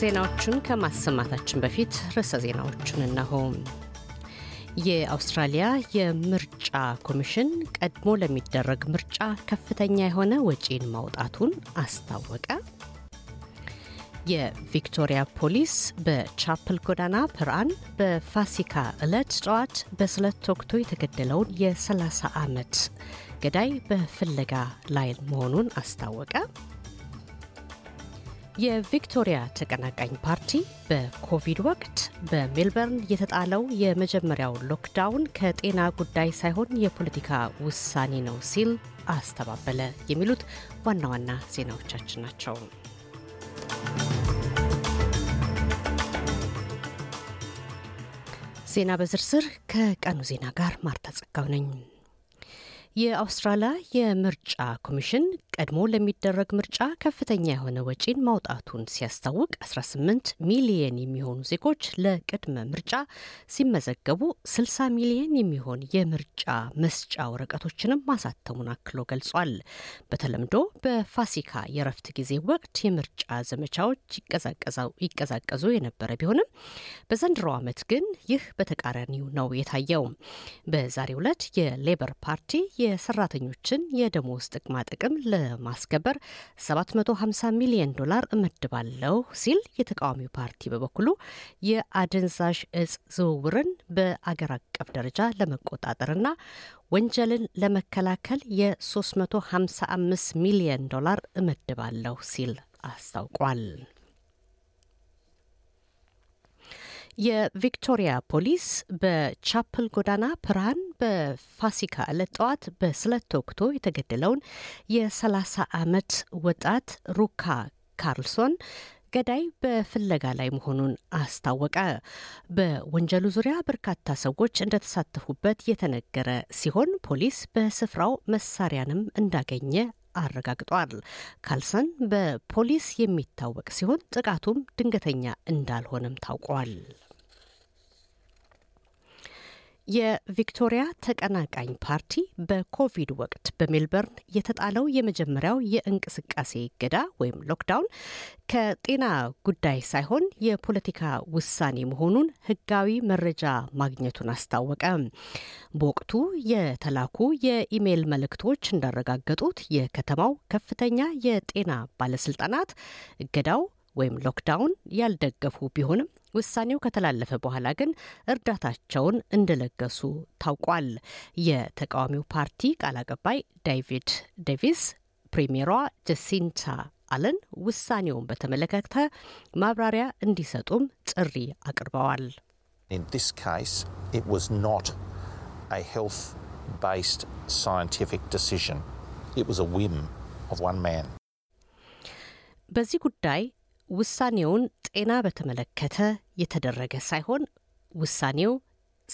ዜናዎቹን ከማሰማታችን በፊት ርዕሰ ዜናዎቹን እነሆ። የአውስትራሊያ የምርጫ ኮሚሽን ቀድሞ ለሚደረግ ምርጫ ከፍተኛ የሆነ ወጪን ማውጣቱን አስታወቀ። የቪክቶሪያ ፖሊስ በቻፕል ጎዳና ፕርአን በፋሲካ ዕለት ጠዋት በስለት ተወግቶ የተገደለውን የ30 ዓመት ገዳይ በፍለጋ ላይ መሆኑን አስታወቀ። የቪክቶሪያ ተቀናቃኝ ፓርቲ በኮቪድ ወቅት በሜልበርን የተጣለው የመጀመሪያው ሎክዳውን ከጤና ጉዳይ ሳይሆን የፖለቲካ ውሳኔ ነው ሲል አስተባበለ። የሚሉት ዋና ዋና ዜናዎቻችን ናቸው። ዜና በዝርዝር ከቀኑ ዜና ጋር ማርታ ጸጋው ነኝ። የአውስትራሊያ የምርጫ ኮሚሽን ቀድሞ ለሚደረግ ምርጫ ከፍተኛ የሆነ ወጪን ማውጣቱን ሲያስታውቅ 18 ሚሊየን የሚሆኑ ዜጎች ለቅድመ ምርጫ ሲመዘገቡ 60 ሚሊየን የሚሆን የምርጫ መስጫ ወረቀቶችንም ማሳተሙን አክሎ ገልጿል። በተለምዶ በፋሲካ የረፍት ጊዜ ወቅት የምርጫ ዘመቻዎች ይቀዛቀዙ የነበረ ቢሆንም በዘንድሮ ዓመት ግን ይህ በተቃራኒው ነው የታየው። በዛሬው ዕለት የሌበር ፓርቲ የሰራተኞችን የደሞዝ ጥቅማ ጥቅም ለማስከበር 750 ሚሊዮን ዶላር እመድባለሁ ሲል የተቃዋሚው ፓርቲ በበኩሉ የአደንዛዥ እጽ ዝውውርን በአገር አቀፍ ደረጃ ለመቆጣጠርና ወንጀልን ለመከላከል የ355 ሚሊዮን ዶላር እመድባለሁ ሲል አስታውቋል። የቪክቶሪያ ፖሊስ በቻፕል ጎዳና ፕራን በፋሲካ ዕለት ጠዋት በስለት ተወግቶ የተገደለውን የ30 ዓመት ወጣት ሩካ ካርልሶን ገዳይ በፍለጋ ላይ መሆኑን አስታወቀ። በወንጀሉ ዙሪያ በርካታ ሰዎች እንደተሳተፉበት የተነገረ ሲሆን ፖሊስ በስፍራው መሳሪያንም እንዳገኘ አረጋግጧል። ካልሰን በፖሊስ የሚታወቅ ሲሆን ጥቃቱም ድንገተኛ እንዳልሆነም ታውቋል። የቪክቶሪያ ተቀናቃኝ ፓርቲ በኮቪድ ወቅት በሜልበርን የተጣለው የመጀመሪያው የእንቅስቃሴ እገዳ ወይም ሎክዳውን ከጤና ጉዳይ ሳይሆን የፖለቲካ ውሳኔ መሆኑን ሕጋዊ መረጃ ማግኘቱን አስታወቀ። በወቅቱ የተላኩ የኢሜይል መልእክቶች እንዳረጋገጡት የከተማው ከፍተኛ የጤና ባለስልጣናት እገዳው ወይም ሎክዳውን ያልደገፉ ቢሆንም ውሳኔው ከተላለፈ በኋላ ግን እርዳታቸውን እንደለገሱ ታውቋል። የተቃዋሚው ፓርቲ ቃል አቀባይ ዳይቪድ ዴቪስ ፕሪሚየሯ ጀሲንታ አለን ውሳኔውን በተመለከተ ማብራሪያ እንዲሰጡም ጥሪ አቅርበዋል። በዚህ ጉዳይ ውሳኔውን ጤና በተመለከተ የተደረገ ሳይሆን ውሳኔው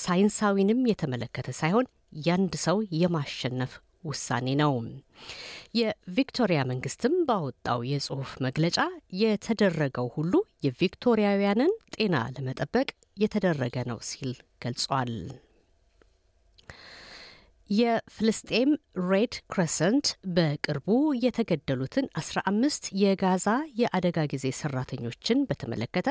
ሳይንሳዊንም የተመለከተ ሳይሆን ያንድ ሰው የማሸነፍ ውሳኔ ነው። የቪክቶሪያ መንግስትም ባወጣው የጽሁፍ መግለጫ የተደረገው ሁሉ የቪክቶሪያውያንን ጤና ለመጠበቅ የተደረገ ነው ሲል ገልጿል። የፍልስጤም ሬድ ክረሰንት በቅርቡ የተገደሉትን 15 የጋዛ የአደጋ ጊዜ ሰራተኞችን በተመለከተ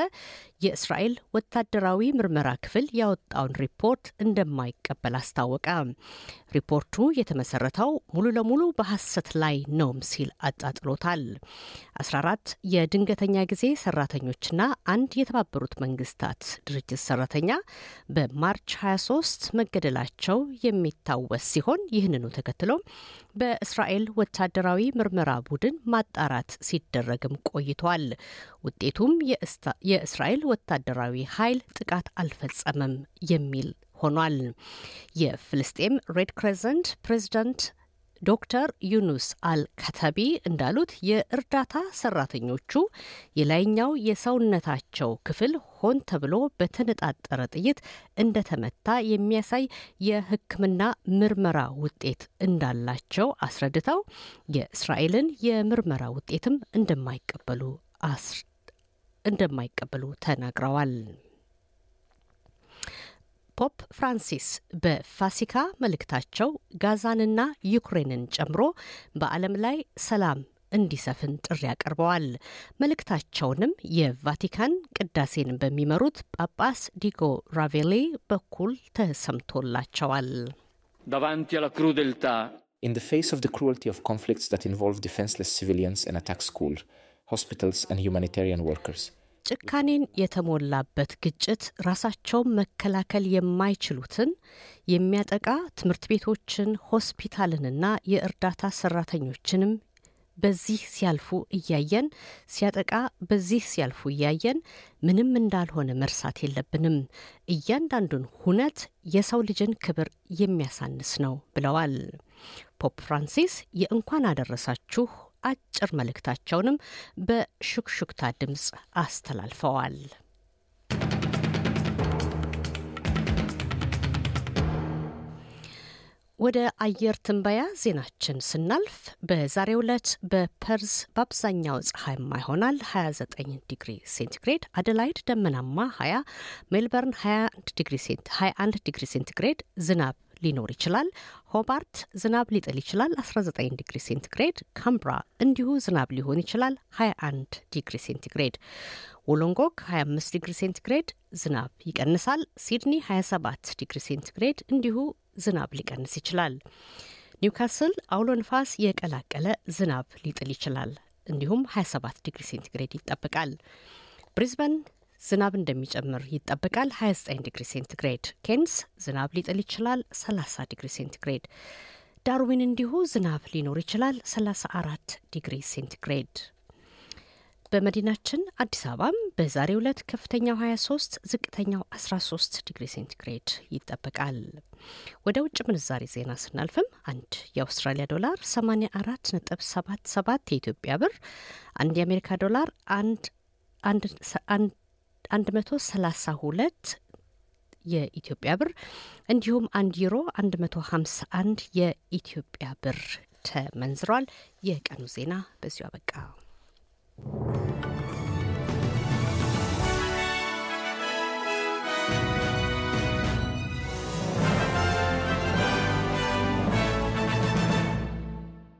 የእስራኤል ወታደራዊ ምርመራ ክፍል ያወጣውን ሪፖርት እንደማይቀበል አስታወቀ። ሪፖርቱ የተመሰረተው ሙሉ ለሙሉ በሐሰት ላይ ነውም ሲል አጣጥሎታል። 14 የድንገተኛ ጊዜ ሰራተኞችና አንድ የተባበሩት መንግስታት ድርጅት ሰራተኛ በማርች 23 መገደላቸው የሚታወስ ሲሆን ይህንኑ ተከትሎ በእስራኤል ወታደራዊ ምርመራ ቡድን ማጣራት ሲደረግም ቆይቷል። ውጤቱም የእስራኤል ወታደራዊ ኃይል ጥቃት አልፈጸመም የሚል ሆኗል። የፍልስጤም ሬድ ክሬዘንት ፕሬዚዳንት ዶክተር ዩኑስ አልከተቢ እንዳሉት የእርዳታ ሰራተኞቹ የላይኛው የሰውነታቸው ክፍል ሆን ተብሎ በተነጣጠረ ጥይት እንደተመታ የሚያሳይ የሕክምና ምርመራ ውጤት እንዳላቸው አስረድተው የእስራኤልን የምርመራ ውጤትም እንደማይቀበሉ እንደማይቀበሉ ተናግረዋል። ፖፕ ፍራንሲስ በፋሲካ መልእክታቸው ጋዛንና ዩክሬንን ጨምሮ በዓለም ላይ ሰላም እንዲሰፍን ጥሪ አቅርበዋል። መልእክታቸውንም የቫቲካን ቅዳሴን በሚመሩት ጳጳስ ዲጎ ራቬሌ በኩል ተሰምቶላቸዋል። ዳቫንቲ አላ ክሩዴልታ ኢን ዘ ፌስ ኦፍ ዘ ክሩልቲ ኦፍ ሆስፒታልስ ኤንድ ወርከርስ ጭካኔን የተሞላበት ግጭት ራሳቸውን መከላከል የማይችሉትን የሚያጠቃ ትምህርት ቤቶችን፣ ሆስፒታልንና የእርዳታ ሰራተኞችንም በዚህ ሲያልፉ እያየን ሲያጠቃ በዚህ ሲያልፉ እያየን ምንም እንዳልሆነ መርሳት የለብንም። እያንዳንዱን ሁነት የሰው ልጅን ክብር የሚያሳንስ ነው ብለዋል ፖፕ ፍራንሲስ። የእንኳን አደረሳችሁ አጭር መልእክታቸውንም በሹክሹክታ ድምፅ አስተላልፈዋል። ወደ አየር ትንበያ ዜናችን ስናልፍ በዛሬው ዕለት በፐርዝ በአብዛኛው ፀሐይማ ይሆናል 29 ዲግሪ ሴንቲግሬድ፣ አደላይድ ደመናማ 20፣ ሜልበርን 21 ዲግሪ ሴንቲግሬድ ዝናብ ሊኖር ይችላል። ሆባርት ዝናብ ሊጥል ይችላል 19 ዲግሪ ሴንቲግሬድ። ካምብራ እንዲሁ ዝናብ ሊሆን ይችላል 21 ዲግሪ ሴንቲግሬድ። ወሎንጎክ 25 ዲግሪ ሴንቲግሬድ ዝናብ ይቀንሳል። ሲድኒ 27 ዲግሪ ሴንቲግሬድ እንዲሁ ዝናብ ሊቀንስ ይችላል። ኒውካስል አውሎ ንፋስ የቀላቀለ ዝናብ ሊጥል ይችላል። እንዲሁም 27 ዲግሪ ሴንቲግሬድ ይጠበቃል። ብሪዝበን ዝናብ እንደሚጨምር ይጠበቃል። 29 ዲግሪ ሴንቲግሬድ። ኬንስ ዝናብ ሊጥል ይችላል። 30 ዲግሪ ሴንቲግሬድ። ዳርዊን እንዲሁ ዝናብ ሊኖር ይችላል። 34 ዲግሪ ሴንቲግሬድ። በመዲናችን አዲስ አበባም በዛሬው ዕለት ከፍተኛው 23 ዝቅተኛው 13 ዲግሪ ሴንቲግሬድ ይጠበቃል። ወደ ውጭ ምንዛሬ ዜና ስናልፍም አንድ የአውስትራሊያ ዶላር 84 ነጥብ 77 የኢትዮጵያ ብር፣ አንድ የአሜሪካ ዶላር አንድ አንድ 132 የኢትዮጵያ ብር እንዲሁም አንድ ዩሮ 151 የኢትዮጵያ ብር ተመንዝሯል። የቀኑ ዜና በዚሁ አበቃ።